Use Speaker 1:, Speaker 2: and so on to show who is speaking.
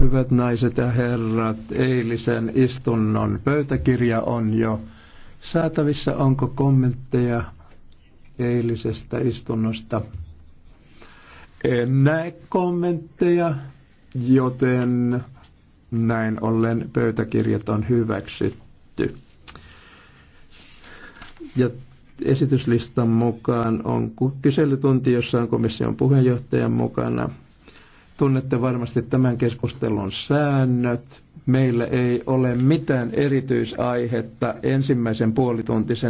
Speaker 1: Hyvät naiset ja herrat, eilisen istunnon pöytäkirja on jo saatavissa. Onko kommentteja eilisestä istunnosta? En näe kommentteja, joten näin ollen pöytäkirjat on hyväksytty. Ja esityslistan mukaan on kyselytunti, jossa on komission puheenjohtajan mukana. Tunnette varmasti tämän keskustelun säännöt. Meillä ei ole mitään erityisaihetta
Speaker 2: ensimmäisen puolituntisen